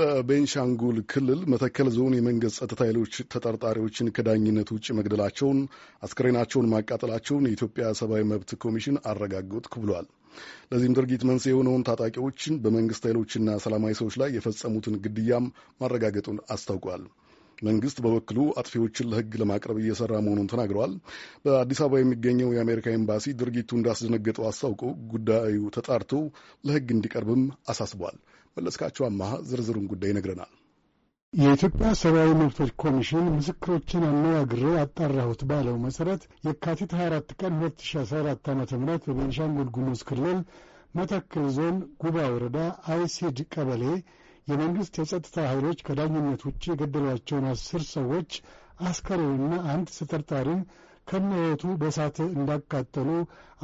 በቤንሻንጉል ክልል መተከል ዞን የመንግስት ጸጥታ ኃይሎች ተጠርጣሪዎችን ከዳኝነት ውጭ መግደላቸውን፣ አስክሬናቸውን ማቃጠላቸውን የኢትዮጵያ ሰብአዊ መብት ኮሚሽን አረጋገጥኩ ብሏል። ለዚህም ድርጊት መንስኤ የሆነውን ታጣቂዎችን በመንግስት ኃይሎችና ሰላማዊ ሰዎች ላይ የፈጸሙትን ግድያም ማረጋገጡን አስታውቋል። መንግስት በበኩሉ አጥፊዎችን ለህግ ለማቅረብ እየሰራ መሆኑን ተናግረዋል። በአዲስ አበባ የሚገኘው የአሜሪካ ኤምባሲ ድርጊቱ እንዳስደነገጠው አስታውቆ ጉዳዩ ተጣርቶ ለህግ እንዲቀርብም አሳስቧል። መለስካቸው አማሃ ዝርዝሩን ጉዳይ ይነግረናል። የኢትዮጵያ ሰብአዊ መብቶች ኮሚሽን ምስክሮችን አነጋግሬ አጣራሁት ባለው መሠረት የካቲት 24 ቀን 2014 ዓ ም በቤንሻንጉል ጉሙዝ ክልል መተክል ዞን ጉባ ወረዳ አይሲድ ቀበሌ የመንግሥት የጸጥታ ኃይሎች ከዳኝነት ውጭ የገደሏቸውን አስር ሰዎች አስከሬንና አንድ ተጠርጣሪን ከነህይወቱ በእሳት እንዳቃጠሉ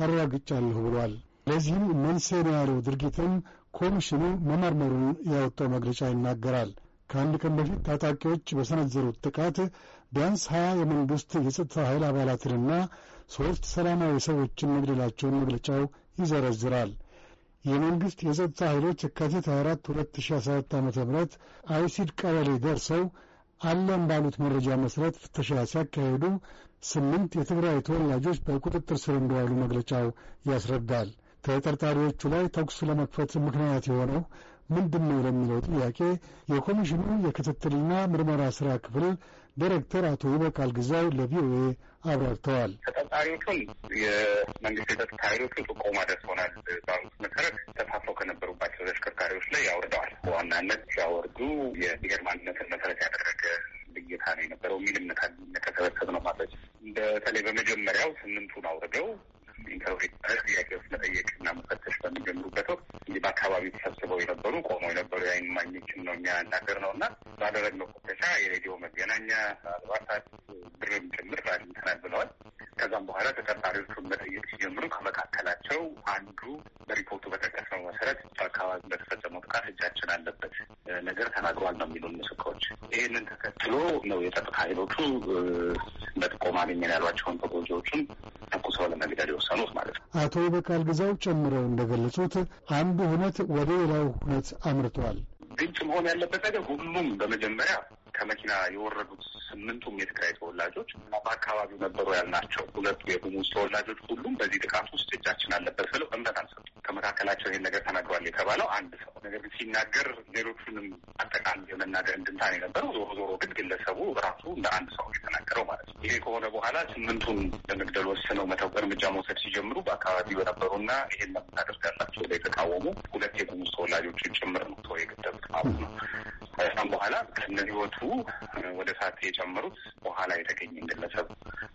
አረጋግጫለሁ ብሏል። ለዚህም መንስኤ ነው ያለው ድርጊትም ኮሚሽኑ መመርመሩን ያወጣው መግለጫ ይናገራል። ከአንድ ቀን በፊት ታጣቂዎች በሰነዘሩት ጥቃት ቢያንስ ሀያ የመንግሥት የጸጥታ ኃይል አባላትንና ሦስት ሰላማዊ ሰዎችን መግደላቸውን መግለጫው ይዘረዝራል። የመንግሥት የጸጥታ ኃይሎች የካቲት 24 2014 ዓ ም አይሲድ ቀበሌ ደርሰው አለም ባሉት መረጃ መሠረት ፍተሻ ሲያካሂዱ ስምንት የትግራይ ተወላጆች በቁጥጥር ስር እንደዋሉ መግለጫው ያስረዳል። ተጠርጣሪዎቹ ላይ ተኩስ ለመክፈት ምክንያት የሆነው ምንድን ነው ለሚለው ጥያቄ የኮሚሽኑ የክትትልና ምርመራ ስራ ክፍል ዳይሬክተር አቶ ይበቃል ግዛው ለቪኦኤ አብራርተዋል። ተጠርጣሪዎቹን የመንግስት የጸጥታ ኃይሎቹ ጥቆማ ደርሶናል ባሉት መሰረት ተሳፍረው ከነበሩባቸው ተሽከርካሪዎች ላይ ያወርደዋል። በዋናነት ሲያወርዱ የብሔር ማንነትን መሰረት ያደረገ ልየታ ነው የነበረው የሚል እምነት ነው ማለት በተለይ በመጀመሪያው ስምንቱን አውርደው ኢንተርቪው ጥያቄዎች መጠየቅና መፈተሽ በሚጀምሩበት ወቅት እንዲህ በአካባቢው ተሰብስበው የነበሩ ቆመው የነበሩ የአይን ማኞችን ነው የሚያናገር ነው እና ባደረግነው ፍተሻ የሬዲዮ መገናኛ አልባሳት ብርም ጭምር አግኝተናል ብለዋል። ከዛም በኋላ ተጠርጣሪዎቹን መጠየቅ ሲጀምሩ ከመካከላቸው አንዱ በሪፖርቱ በጠቀስነው መሰረት በአካባቢ በተፈጸመው ጥቃት እጃችን አለበት ነገር ተናግሯል ነው የሚሉን ምስክሮች። ይህንን ተከትሎ ነው የጸጥታ ኃይሎቹ በጥቆማ አገኘን ያሏቸውን ተጎጂዎቹን ሰው ለመግደል የወሰኑት ማለት ነው። አቶ በቃል ግዛው ጨምረው እንደገለጹት አንዱ ሁነት ወደ ሌላው ሁነት አምርተዋል። ግልጽ መሆን ያለበት ነገር ሁሉም በመጀመሪያ ከመኪና የወረዱት ስምንቱም የትግራይ ተወላጆች እና በአካባቢው ነበሩ ያልናቸው ሁለቱ የጉሙዝ ተወላጆች ሁሉም በዚህ ጥቃት ውስጥ እጃችን አለበት ብለው እምነት አልሰጡ። ከመካከላቸው ይህን ነገር ተናግሯል የተባለው አንድ ሰው ነገር ግን ሲናገር ሌሎቹንም አጠቃላይ የመናገር እንድንታን የነበረው ዞሮ ዞሮ ግን ግለሰቡ ራሱ እንደ አንድ ሰው ይሄ ከሆነ በኋላ ስምንቱን ለመግደል ወስነው መተው እርምጃ መውሰድ ሲጀምሩ በአካባቢው የነበሩና ይሄን ለምን ያላቸው ላይ የተቃወሙ ሁለት የጉሙዝ ተወላጆችን ጭምር ነው ሰው የገደሉት ማለት ነው። ከዛም በኋላ ከነ ህይወቱ ወደ ሳት የጨመሩት በኋላ የተገኘ ግለሰብ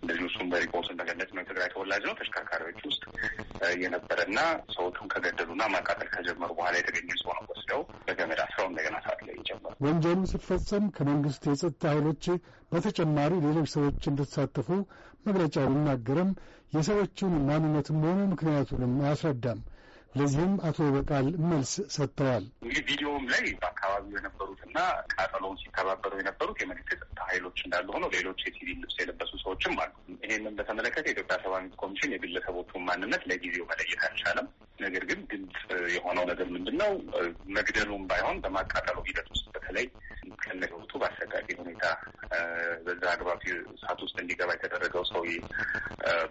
እንደዚሁ እሱም በሪፖርት እንደገለጽ ነው ትግራይ ተወላጅ ነው። ተሽከርካሪዎች ውስጥ የነበረና ሰዎቹን ከገደሉና ማቃጠል ከጀመሩ በኋላ የተገኘ ሰው ነው። ወስደው በገመድ አስረው እንደገና ሰዓት ላይ ጀመሩ። ወንጀሉ ሲፈጸም ከመንግስት የጸጥታ ኃይሎች በተጨማሪ ሌሎች ሰዎች እንደተሳተፉ መግለጫው ቢናገርም የሰዎቹን ማንነትም ሆነ ምክንያቱንም አያስረዳም። ለዚህም አቶ በቃል መልስ ሰጥተዋል። እንግዲህ ቪዲዮውም ላይ በአካባቢው የነበሩት እና ቃጠሎውን ሲተባበሩ የነበሩት የመንግስት የጸጥታ ኃይሎች እንዳሉ ሆኖ ሌሎች የሲቪል ልብስ የለበሱ ሰዎችም አሉ። ይህንን በተመለከተ የኢትዮጵያ ሰብአዊ ኮሚሽን የግለሰቦቹን ማንነት ለጊዜው መለየት አልቻለም። ነገር ግን ግልጽ የሆነው ነገር ምንድን ነው? መግደሉም ባይሆን በማቃጠሉ ሂደት ውስጥ በተለይ ከነገውቱ በአሰቃቂ ሁኔታ በዛ አግባብ እሳት ውስጥ እንዲገባ የተደረገው ሰው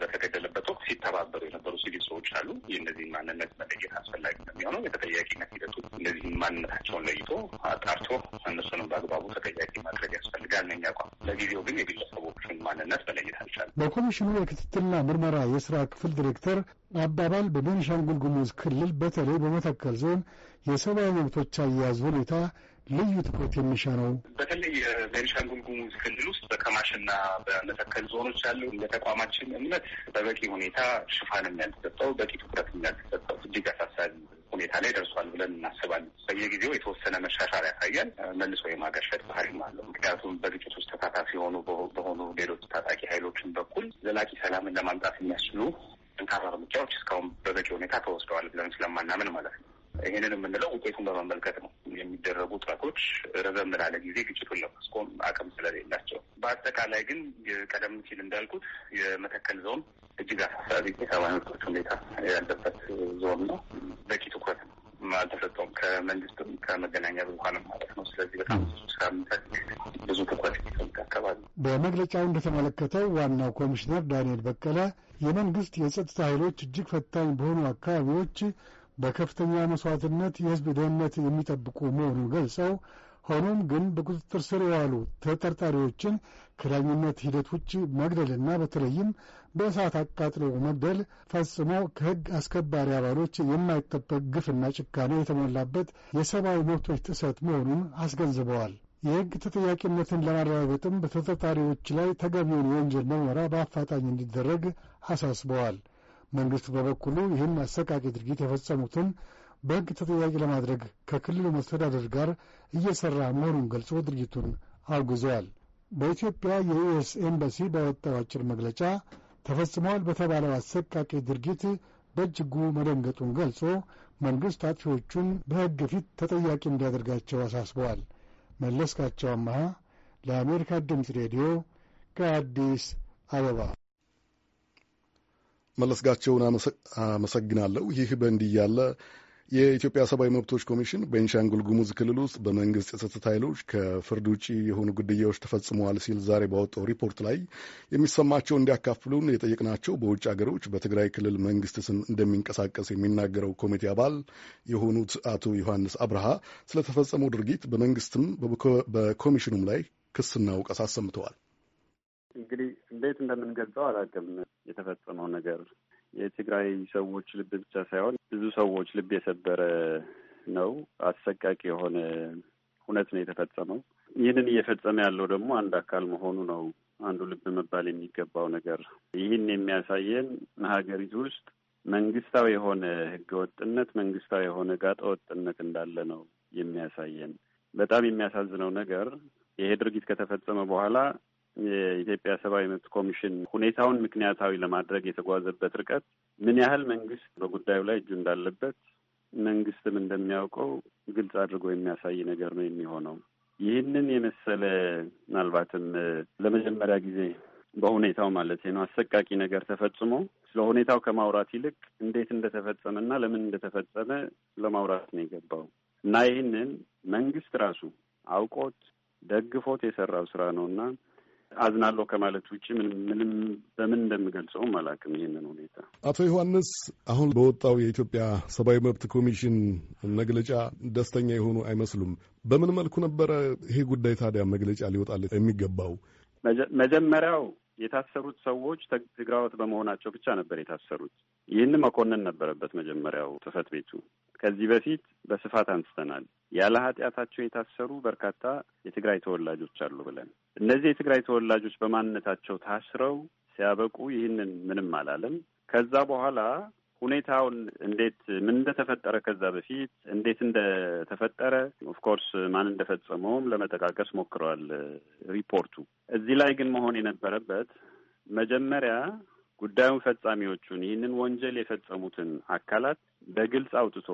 በተገደለበት ወቅት ሲተባበሩ የነበሩ ሲቪል ሰዎች አሉ። የእነዚህን ማንነት መለየት አስፈላጊ ነው የሚሆነው የተጠያቂነት ሂደቱ እንደዚህ ማንነታቸውን ለይቶ አጣርቶ እነሱንም በአግባቡ ተጠያቂ ማድረግ ያስፈልጋል ነኝ አቋም። ለጊዜው ግን የግለሰቦቹን ማንነት መለየት አልቻለም። በኮሚሽኑ የክትትልና ምርመራ የስራ ክፍል ዲሬክተር አባባል በቤንሻንጉል ጉሙዝ ክልል በተለይ በመተከል ዞን የሰብአዊ መብቶች አያያዝ ሁኔታ ልዩ ትኩረት የሚሻ ነው። በተለይ የቤንሻንጉል ጉሙዝ ክልል ውስጥ በከማሽና በመተከል ዞኖች ያሉ እንደ ተቋማችን እምነት በበቂ ሁኔታ ሽፋን የሚያልተሰጠው በቂ ትኩረት የሚያልተሰጠው እጅግ አሳሳቢ ሁኔታ ላይ ደርሷል ብለን እናስባለን። በየጊዜው የተወሰነ መሻሻል ያሳያል። መልሶ የማገርሸት ባህሪም አለው። ምክንያቱም በግጭት ውስጥ ተሳታፊ የሆኑ በሆኑ ሌሎች ታጣቂ ኃይሎችን በኩል ዘላቂ ሰላምን ለማምጣት የሚያስችሉ ጠንካራ እርምጃዎች እስካሁን በበቂ ሁኔታ ተወስደዋል ብለን ስለማናምን ማለት ነው። ይህንን የምንለው ውጤቱን በመመልከት ነው። የሚደረጉ ጥረቶች ረዘም ላለ ጊዜ ግጭቱን ለማስቆም አቅም ስለሌላቸው፣ በአጠቃላይ ግን ቀደም ሲል እንዳልኩት የመተከል ዞን እጅግ አሳሳቢ የሰብአዊ መብቶች ሁኔታ ያለበት ዞን ነው። በቂ ትኩረት አልተሰጠውም፣ ከመንግስትም ከመገናኛ ብዙኃንም ማለት ነው። ስለዚህ በጣም ብዙ ስራ ብዙ ትኩረት አካባቢ በመግለጫው እንደተመለከተው ዋናው ኮሚሽነር ዳንኤል በቀለ የመንግስት የጸጥታ ኃይሎች እጅግ ፈታኝ በሆኑ አካባቢዎች በከፍተኛ መስዋዕትነት የህዝብ ደህንነት የሚጠብቁ መሆኑን ገልጸው ሆኖም ግን በቁጥጥር ስር የዋሉ ተጠርጣሪዎችን ከዳኝነት ሂደት ውጭ መግደልና በተለይም በእሳት አቃጥሎ መግደል ፈጽሞ ከሕግ አስከባሪ አባሎች የማይጠበቅ ግፍና ጭካኔ የተሞላበት የሰብአዊ መብቶች ጥሰት መሆኑን አስገንዝበዋል። የሕግ ተጠያቂነትን ለማረጋገጥም በተጠርጣሪዎች ላይ ተገቢውን የወንጀል ምርመራ በአፋጣኝ እንዲደረግ አሳስበዋል። መንግስት በበኩሉ ይህን አሰቃቂ ድርጊት የፈጸሙትን በሕግ ተጠያቂ ለማድረግ ከክልሉ መስተዳደር ጋር እየሠራ መሆኑን ገልጾ ድርጊቱን አውግዘዋል። በኢትዮጵያ የዩኤስ ኤምባሲ ባወጣው አጭር መግለጫ ተፈጽመዋል በተባለው አሰቃቂ ድርጊት በእጅጉ መደንገጡን ገልጾ መንግሥት አጥፊዎቹን በሕግ ፊት ተጠያቂ እንዲያደርጋቸው አሳስበዋል። መለስካቸው አመሃ ለአሜሪካ ድምፅ ሬዲዮ ከአዲስ አበባ መለስጋቸውን አመሰግናለሁ። ይህ በእንዲህ ያለ የኢትዮጵያ ሰብአዊ መብቶች ኮሚሽን ቤንሻንጉል ጉሙዝ ክልል ውስጥ በመንግስት የጸጥታ ኃይሎች ከፍርድ ውጭ የሆኑ ግድያዎች ተፈጽመዋል ሲል ዛሬ ባወጣው ሪፖርት ላይ የሚሰማቸው እንዲያካፍሉን የጠየቅናቸው በውጭ ሀገሮች በትግራይ ክልል መንግስት ስም እንደሚንቀሳቀስ የሚናገረው ኮሚቴ አባል የሆኑት አቶ ዮሐንስ አብርሃ ስለተፈጸመው ድርጊት በመንግስትም በኮሚሽኑም ላይ ክስና ውቀሳ አሰምተዋል። እንግዲህ እንዴት እንደምንገልጸው አላውቅም። የተፈጸመው ነገር የትግራይ ሰዎች ልብ ብቻ ሳይሆን ብዙ ሰዎች ልብ የሰበረ ነው። አሰቃቂ የሆነ እውነት ነው የተፈጸመው። ይህንን እየፈጸመ ያለው ደግሞ አንድ አካል መሆኑ ነው አንዱ ልብ መባል የሚገባው ነገር። ይህን የሚያሳየን ሀገሪቱ ውስጥ መንግስታዊ የሆነ ህገወጥነት፣ መንግስታዊ የሆነ ወጥነት እንዳለ ነው የሚያሳየን። በጣም የሚያሳዝነው ነገር ይሄ ድርጊት ከተፈጸመ በኋላ የኢትዮጵያ ሰብአዊ መብት ኮሚሽን ሁኔታውን ምክንያታዊ ለማድረግ የተጓዘበት ርቀት ምን ያህል መንግስት በጉዳዩ ላይ እጁ እንዳለበት መንግስትም እንደሚያውቀው ግልጽ አድርጎ የሚያሳይ ነገር ነው የሚሆነው። ይህንን የመሰለ ምናልባትም ለመጀመሪያ ጊዜ በሁኔታው ማለት ነው አሰቃቂ ነገር ተፈጽሞ ስለ ሁኔታው ከማውራት ይልቅ እንዴት እንደተፈጸመ እና ለምን እንደተፈጸመ ለማውራት ነው የገባው እና ይህንን መንግስት ራሱ አውቆት ደግፎት የሰራው ስራ ነው እና አዝናለሁ ከማለት ውጭ ምንም በምን እንደምገልጸውም አላውቅም ይህንን ሁኔታ። አቶ ዮሐንስ አሁን በወጣው የኢትዮጵያ ሰብአዊ መብት ኮሚሽን መግለጫ ደስተኛ የሆኑ አይመስሉም። በምን መልኩ ነበረ ይሄ ጉዳይ ታዲያ መግለጫ ሊወጣለት የሚገባው? መጀመሪያው የታሰሩት ሰዎች ትግራዎት በመሆናቸው ብቻ ነበር የታሰሩት። ይህን መኮንን ነበረበት መጀመሪያው ጽፈት ቤቱ ከዚህ በፊት በስፋት አንስተናል። ያለ ኃጢአታቸው የታሰሩ በርካታ የትግራይ ተወላጆች አሉ ብለን እነዚህ የትግራይ ተወላጆች በማንነታቸው ታስረው ሲያበቁ ይህንን ምንም አላለም። ከዛ በኋላ ሁኔታውን እንዴት ምን እንደተፈጠረ ከዛ በፊት እንዴት እንደተፈጠረ ኦፍኮርስ ማን እንደፈጸመውም ለመጠቃቀስ ሞክረዋል ሪፖርቱ። እዚህ ላይ ግን መሆን የነበረበት መጀመሪያ ጉዳዩን ፈጻሚዎቹን ይህንን ወንጀል የፈጸሙትን አካላት በግልጽ አውጥቶ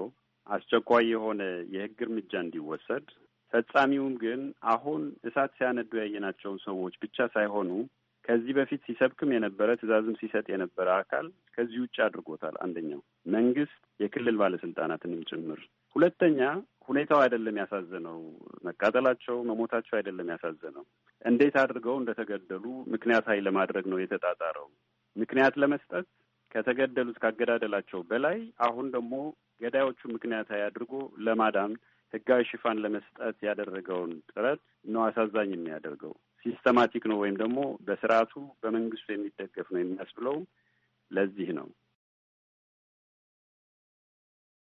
አስቸኳይ የሆነ የህግ እርምጃ እንዲወሰድ ፈጻሚውም ግን አሁን እሳት ሲያነዱ ያየናቸውን ሰዎች ብቻ ሳይሆኑ ከዚህ በፊት ሲሰብክም የነበረ ትዕዛዝም ሲሰጥ የነበረ አካል ከዚህ ውጭ አድርጎታል። አንደኛው መንግስት፣ የክልል ባለስልጣናትንም ጭምር። ሁለተኛ ሁኔታው አይደለም ያሳዘነው፣ መቃጠላቸው፣ መሞታቸው አይደለም ያሳዘነው፣ እንዴት አድርገው እንደተገደሉ ምክንያታዊ ለማድረግ ነው የተጣጣረው። ምክንያት ለመስጠት ከተገደሉት ካገዳደላቸው በላይ አሁን ደግሞ ገዳዮቹ ምክንያታዊ አድርጎ ለማዳን ህጋዊ ሽፋን ለመስጠት ያደረገውን ጥረት ነው አሳዛኝ የሚያደርገው። ሲስተማቲክ ነው ወይም ደግሞ በስርዓቱ በመንግስቱ የሚደገፍ ነው የሚያስብለው ለዚህ ነው።